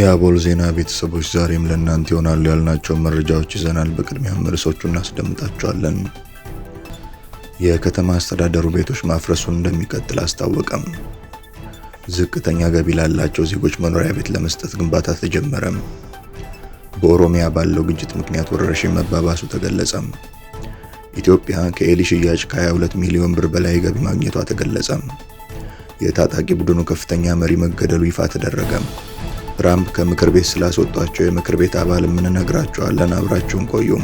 የአቦል ዜና ቤተሰቦች ዛሬም ለእናንተ ይሆናሉ ያልናቸው መረጃዎች ይዘናል። በቅድሚያ ርዕሶቹ እናስደምጣቸዋለን። የከተማ አስተዳደሩ ቤቶች ማፍረሱን እንደሚቀጥል አስታወቀም። ዝቅተኛ ገቢ ላላቸው ዜጎች መኖሪያ ቤት ለመስጠት ግንባታ ተጀመረም። በኦሮሚያ ባለው ግጭት ምክንያት ወረርሽኝ መባባሱ ተገለጸም። ኢትዮጵያ ከኤሊ ሽያጭ ከ22 ሚሊዮን ብር በላይ ገቢ ማግኘቷ ተገለጸም። የታጣቂ ቡድኑ ከፍተኛ መሪ መገደሉ ይፋ ተደረገም። ትራምፕ ከምክር ቤት ስላስወጧቸው የምክር ቤት አባል የምንነግራቸዋለን። አብራችሁን ቆዩም።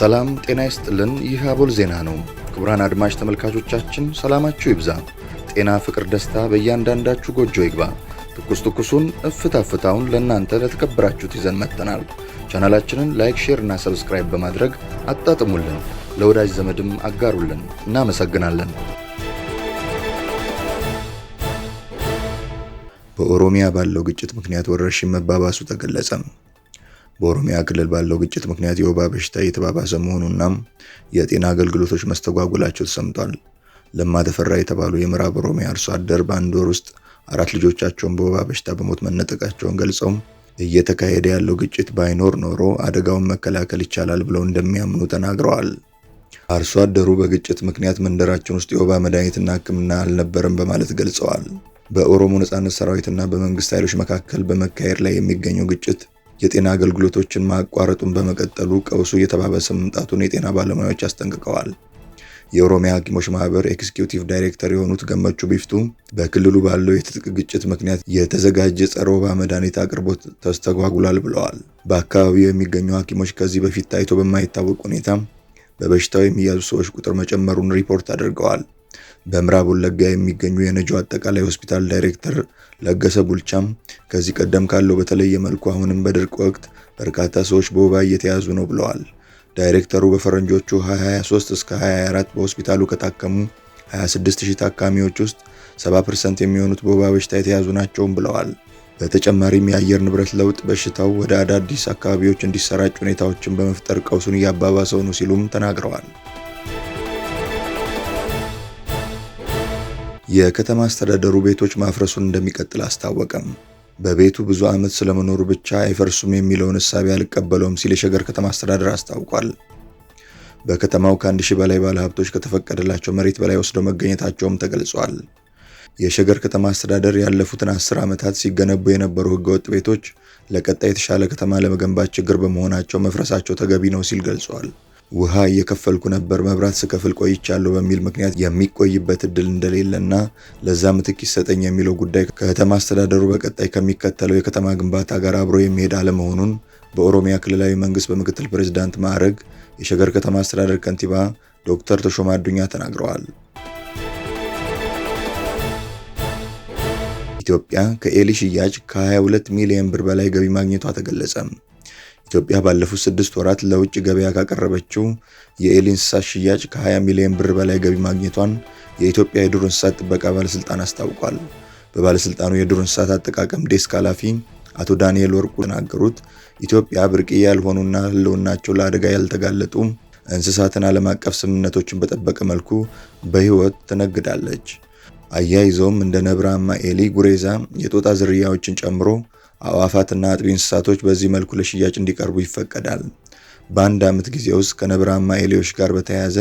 ሰላም ጤና ይስጥልን። ይህ አቦል ዜና ነው። ክቡራን አድማጭ ተመልካቾቻችን ሰላማችሁ ይብዛ፣ ጤና፣ ፍቅር፣ ደስታ በእያንዳንዳችሁ ጎጆ ይግባ። ትኩስ ትኩሱን እፍታ ፍታውን ለእናንተ ለተከበራችሁት ይዘን መጥተናል። ቻናላችንን ላይክ፣ ሼር እና ሰብስክራይብ በማድረግ አጣጥሙልን፣ ለወዳጅ ዘመድም አጋሩልን። እናመሰግናለን። በኦሮሚያ ባለው ግጭት ምክንያት ወረርሽኝ መባባሱ ተገለጸ። በኦሮሚያ ክልል ባለው ግጭት ምክንያት የወባ በሽታ እየተባባሰ መሆኑና የጤና አገልግሎቶች መስተጓጉላቸው ተሰምቷል። ለማ ተፈራ የተባሉ የምዕራብ ኦሮሚያ አርሶ አደር በአንድ ወር ውስጥ አራት ልጆቻቸውን በወባ በሽታ በሞት መነጠቃቸውን ገልጸውም እየተካሄደ ያለው ግጭት ባይኖር ኖሮ አደጋውን መከላከል ይቻላል ብለው እንደሚያምኑ ተናግረዋል። አርሶ አደሩ በግጭት ምክንያት መንደራችን ውስጥ የወባ መድኃኒትና ሕክምና አልነበረም በማለት ገልጸዋል። በኦሮሞ ነጻነት ሰራዊትና በመንግስት ኃይሎች መካከል በመካሄድ ላይ የሚገኘው ግጭት የጤና አገልግሎቶችን ማቋረጡን በመቀጠሉ ቀውሱ እየተባበሰ መምጣቱን የጤና ባለሙያዎች አስጠንቅቀዋል። የኦሮሚያ ሐኪሞች ማህበር ኤክስኪዩቲቭ ዳይሬክተር የሆኑት ገመቹ ቢፍቱ በክልሉ ባለው የትጥቅ ግጭት ምክንያት የተዘጋጀ ጸረ ወባ መድኃኒት አቅርቦት ተስተጓጉሏል ብለዋል። በአካባቢው የሚገኙ ሐኪሞች ከዚህ በፊት ታይቶ በማይታወቅ ሁኔታ በበሽታው የሚያዙ ሰዎች ቁጥር መጨመሩን ሪፖርት አድርገዋል። በምዕራብ ወለጋ የሚገኙ የነጆ አጠቃላይ ሆስፒታል ዳይሬክተር ለገሰ ቡልቻም ከዚህ ቀደም ካለው በተለየ መልኩ አሁንም በድርቅ ወቅት በርካታ ሰዎች በወባ እየተያዙ ነው ብለዋል። ዳይሬክተሩ በፈረንጆቹ 2023 እስከ 2024 በሆስፒታሉ ከታከሙ 26000 ታካሚዎች ውስጥ 70% የሚሆኑት በወባ በሽታ የተያዙ ናቸውም ብለዋል። በተጨማሪም የአየር ንብረት ለውጥ በሽታው ወደ አዳዲስ አካባቢዎች እንዲሰራጭ ሁኔታዎችን በመፍጠር ቀውሱን እያባባሰው ነው ሲሉም ተናግረዋል። የከተማ አስተዳደሩ ቤቶች ማፍረሱን እንደሚቀጥል አስታወቀም። በቤቱ ብዙ ዓመት ስለመኖሩ ብቻ አይፈርሱም የሚለውን እሳቤ አልቀበለውም ሲል የሸገር ከተማ አስተዳደር አስታውቋል። በከተማው ከአንድ ሺህ በላይ ባለሀብቶች ከተፈቀደላቸው መሬት በላይ ወስደው መገኘታቸውም ተገልጿል። የሸገር ከተማ አስተዳደር ያለፉትን አስር ዓመታት ሲገነቡ የነበሩ ህገወጥ ቤቶች ለቀጣይ የተሻለ ከተማ ለመገንባት ችግር በመሆናቸው መፍረሳቸው ተገቢ ነው ሲል ገልጿል። ውሃ እየከፈልኩ ነበር፣ መብራት ስከፍል ቆይቻለሁ በሚል ምክንያት የሚቆይበት እድል እንደሌለና ለዛ ምትክ ይሰጠኝ የሚለው ጉዳይ ከከተማ አስተዳደሩ በቀጣይ ከሚከተለው የከተማ ግንባታ ጋር አብሮ የሚሄድ አለመሆኑን በኦሮሚያ ክልላዊ መንግስት በምክትል ፕሬዝዳንት ማዕረግ የሸገር ከተማ አስተዳደር ከንቲባ ዶክተር ተሾማ አዱኛ ተናግረዋል። ኢትዮጵያ ከኤሊ ሽያጭ ከ22 ሚሊዮን ብር በላይ ገቢ ማግኘቷ ተገለጸ። ኢትዮጵያ ባለፉት ስድስት ወራት ለውጭ ገበያ ካቀረበችው የኤሊ እንስሳት ሽያጭ ከ20 ሚሊዮን ብር በላይ ገቢ ማግኘቷን የኢትዮጵያ የዱር እንስሳት ጥበቃ ባለስልጣን አስታውቋል። በባለስልጣኑ የዱር እንስሳት አጠቃቀም ዴስክ ኃላፊ አቶ ዳንኤል ወርቁ ተናገሩት። ኢትዮጵያ ብርቅዬ ያልሆኑና ህልውናቸው ለአደጋ ያልተጋለጡ እንስሳትን ዓለም አቀፍ ስምምነቶችን በጠበቀ መልኩ በሕይወት ትነግዳለች። አያይዘውም እንደ ነብራማ ኤሊ፣ ጉሬዛ፣ የጦጣ ዝርያዎችን ጨምሮ አዕዋፋትና አጥቢ እንስሳቶች በዚህ መልኩ ለሽያጭ እንዲቀርቡ ይፈቀዳል። በአንድ ዓመት ጊዜ ውስጥ ከነብራማ ኤሌዎች ጋር በተያያዘ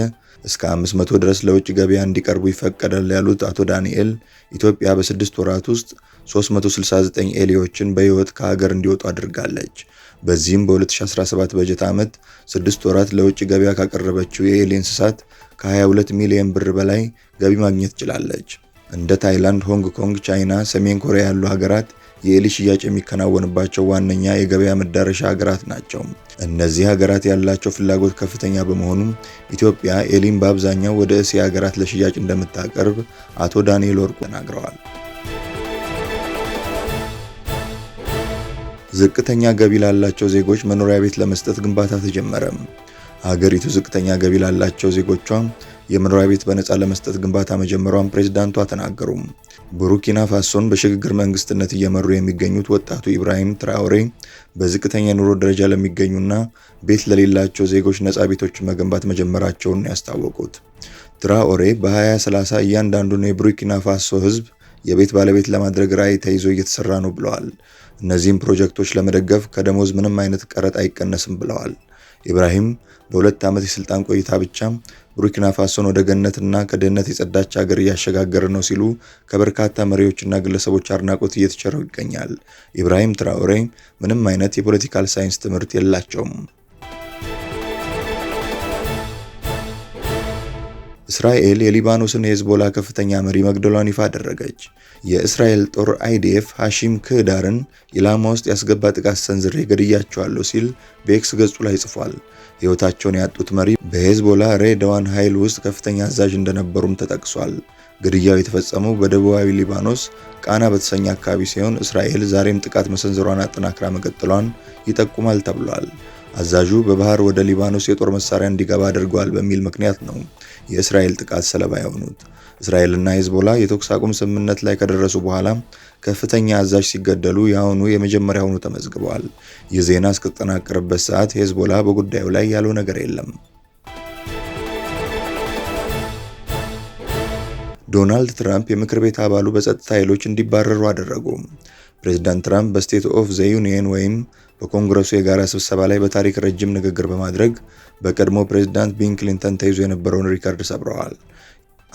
እስከ 500 ድረስ ለውጭ ገበያ እንዲቀርቡ ይፈቀዳል ያሉት አቶ ዳንኤል ኢትዮጵያ በስድስት ወራት ውስጥ 369 ኤሌዎችን በሕይወት ከሀገር እንዲወጡ አድርጋለች። በዚህም በ2017 በጀት ዓመት ስድስት ወራት ለውጭ ገበያ ካቀረበችው የኤሌ እንስሳት ከ22 ሚሊዮን ብር በላይ ገቢ ማግኘት ችላለች። እንደ ታይላንድ፣ ሆንግ ኮንግ፣ ቻይና፣ ሰሜን ኮሪያ ያሉ ሀገራት የኤሊ ሽያጭ የሚከናወንባቸው ዋነኛ የገበያ መዳረሻ ሀገራት ናቸው። እነዚህ ሀገራት ያላቸው ፍላጎት ከፍተኛ በመሆኑ ኢትዮጵያ ኤሊን በአብዛኛው ወደ እስያ ሀገራት ለሽያጭ እንደምታቀርብ አቶ ዳንኤል ወርቁ ተናግረዋል። ዝቅተኛ ገቢ ላላቸው ዜጎች መኖሪያ ቤት ለመስጠት ግንባታ ተጀመረም። ሀገሪቱ ዝቅተኛ ገቢ ላላቸው ዜጎቿ የመኖሪያ ቤት በነፃ ለመስጠት ግንባታ መጀመሯን ፕሬዝዳንቷ ተናገሩ። ቡሩኪና ፋሶን በሽግግር መንግስትነት እየመሩ የሚገኙት ወጣቱ ኢብራሂም ትራውሬ በዝቅተኛ የኑሮ ደረጃ ለሚገኙና ቤት ለሌላቸው ዜጎች ነፃ ቤቶችን መገንባት መጀመራቸውን ያስታወቁት ትራኦሬ በ2030 እያንዳንዱን የቡሩኪና ፋሶ ህዝብ የቤት ባለቤት ለማድረግ ራዕይ ተይዞ እየተሰራ ነው ብለዋል። እነዚህም ፕሮጀክቶች ለመደገፍ ከደሞዝ ምንም አይነት ቀረጥ አይቀነስም ብለዋል። ኢብራሂም በሁለት ዓመት የስልጣን ቆይታ ብቻ ቡርኪና ፋሶን ወደ ገነትና ከድህነት የጸዳች ሀገር እያሸጋገረ ነው ሲሉ ከበርካታ መሪዎችና ግለሰቦች አድናቆት እየተቸረው ይገኛል። ኢብራሂም ትራኦሬ ምንም አይነት የፖለቲካል ሳይንስ ትምህርት የላቸውም። እስራኤል የሊባኖስን የሄዝቦላ ከፍተኛ መሪ መግደሏን ይፋ አደረገች። የእስራኤል ጦር አይዲኤፍ ሐሺም ክህዳርን ኢላማ ውስጥ ያስገባ ጥቃት ሰንዝሬ ገድያቸዋለሁ ሲል በኤክስ ገጹ ላይ ጽፏል። ሕይወታቸውን ያጡት መሪ በሄዝቦላ ሬድዋን ኃይል ውስጥ ከፍተኛ አዛዥ እንደነበሩም ተጠቅሷል። ግድያው የተፈጸመው በደቡባዊ ሊባኖስ ቃና በተሰኘ አካባቢ ሲሆን እስራኤል ዛሬም ጥቃት መሰንዘሯን አጠናክራ መቀጠሏን ይጠቁማል ተብሏል። አዛዡ በባህር ወደ ሊባኖስ የጦር መሳሪያ እንዲገባ አድርገዋል በሚል ምክንያት ነው የእስራኤል ጥቃት ሰለባ የሆኑት። እስራኤልና ሂዝቦላ የተኩስ አቁም ስምምነት ላይ ከደረሱ በኋላ ከፍተኛ አዛዥ ሲገደሉ የአሁኑ የመጀመሪያ ሆኑ ተመዝግበዋል። ይህ ዜና እስከተጠናቀረበት ሰዓት ሂዝቦላ በጉዳዩ ላይ ያለው ነገር የለም። ዶናልድ ትራምፕ የምክር ቤት አባሉ በጸጥታ ኃይሎች እንዲባረሩ አደረጉ። ፕሬዚዳንት ትራምፕ በስቴት ኦፍ ዘ ዩኒየን ወይም በኮንግረሱ የጋራ ስብሰባ ላይ በታሪክ ረጅም ንግግር በማድረግ በቀድሞ ፕሬዚዳንት ቢል ክሊንተን ተይዞ የነበረውን ሪከርድ ሰብረዋል።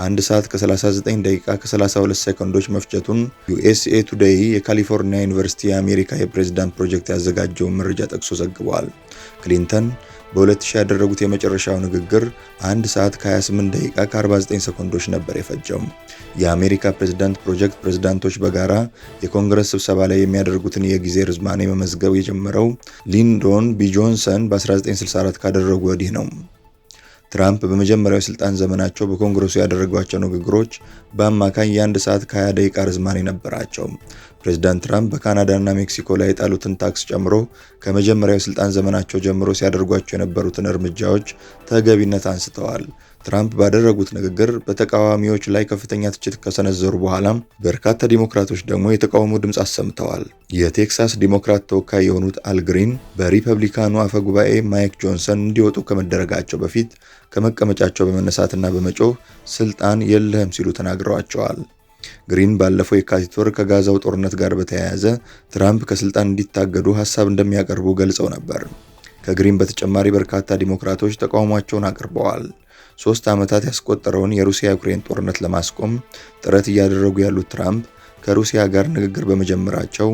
አንድ ሰዓት ከ39 ደቂቃ ከ32 ሰከንዶች መፍጀቱን ዩኤስኤ ቱዴይ የካሊፎርኒያ ዩኒቨርሲቲ የአሜሪካ የፕሬዚዳንት ፕሮጀክት ያዘጋጀውን መረጃ ጠቅሶ ዘግቧል። ክሊንተን በ2000 ያደረጉት የመጨረሻው ንግግር 1 ሰዓት ከ28 ደቂቃ ከ49 ሰኮንዶች ነበር የፈጀው። የአሜሪካ ፕሬዝዳንት ፕሮጀክት ፕሬዝዳንቶች በጋራ የኮንግረስ ስብሰባ ላይ የሚያደርጉትን የጊዜ ርዝማኔ መመዝገብ የጀመረው ሊንዶን ቢ ጆንሰን በ1964 ካደረጉ ወዲህ ነው። ትራምፕ በመጀመሪያው የስልጣን ዘመናቸው በኮንግረሱ ያደረጓቸው ንግግሮች በአማካኝ የአንድ ሰዓት ከ20 ደቂቃ ርዝማኔ ነበራቸው። ፕሬዚዳንት ትራምፕ በካናዳና ሜክሲኮ ላይ የጣሉትን ታክስ ጨምሮ ከመጀመሪያው የስልጣን ዘመናቸው ጀምሮ ሲያደርጓቸው የነበሩትን እርምጃዎች ተገቢነት አንስተዋል። ትራምፕ ባደረጉት ንግግር በተቃዋሚዎች ላይ ከፍተኛ ትችት ከሰነዘሩ በኋላም በርካታ ዲሞክራቶች ደግሞ የተቃውሞ ድምፅ አሰምተዋል። የቴክሳስ ዲሞክራት ተወካይ የሆኑት አልግሪን በሪፐብሊካኑ ጉባኤ ማይክ ጆንሰን እንዲወጡ ከመደረጋቸው በፊት ከመቀመጫቸው በመነሳትና በመጮህ ስልጣን የለህም ሲሉ ተናግረዋቸዋል። ግሪን ባለፈው የካቲት ወር ከጋዛው ጦርነት ጋር በተያያዘ ትራምፕ ከስልጣን እንዲታገዱ ሀሳብ እንደሚያቀርቡ ገልጸው ነበር። ከግሪን በተጨማሪ በርካታ ዲሞክራቶች ተቃውሟቸውን አቅርበዋል። ሶስት ዓመታት ያስቆጠረውን የሩሲያ ዩክሬን ጦርነት ለማስቆም ጥረት እያደረጉ ያሉት ትራምፕ ከሩሲያ ጋር ንግግር በመጀመራቸው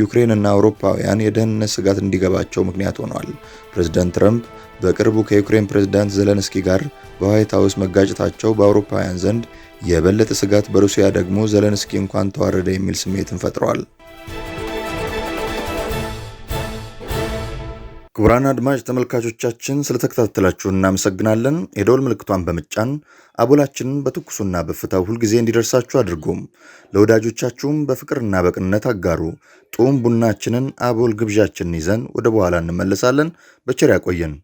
ዩክሬን እና አውሮፓውያን የደህንነት ስጋት እንዲገባቸው ምክንያት ሆኗል። ፕሬዝዳንት ትራምፕ በቅርቡ ከዩክሬን ፕሬዝዳንት ዘለንስኪ ጋር በዋይት ሀውስ መጋጨታቸው በአውሮፓውያን ዘንድ የበለጠ ስጋት፣ በሩሲያ ደግሞ ዘለንስኪ እንኳን ተዋረደ የሚል ስሜትን ፈጥሯል። ክቡራን አድማጭ ተመልካቾቻችን ስለተከታተላችሁ እናመሰግናለን። የደወል ምልክቷን በመጫን አቦላችንን በትኩሱና በእፍታው ሁልጊዜ እንዲደርሳችሁ አድርጎም ለወዳጆቻችሁም በፍቅርና በቅንነት አጋሩ። ጡም ቡናችንን አቦል ግብዣችንን ይዘን ወደ በኋላ እንመለሳለን። በቸር ያቆየን።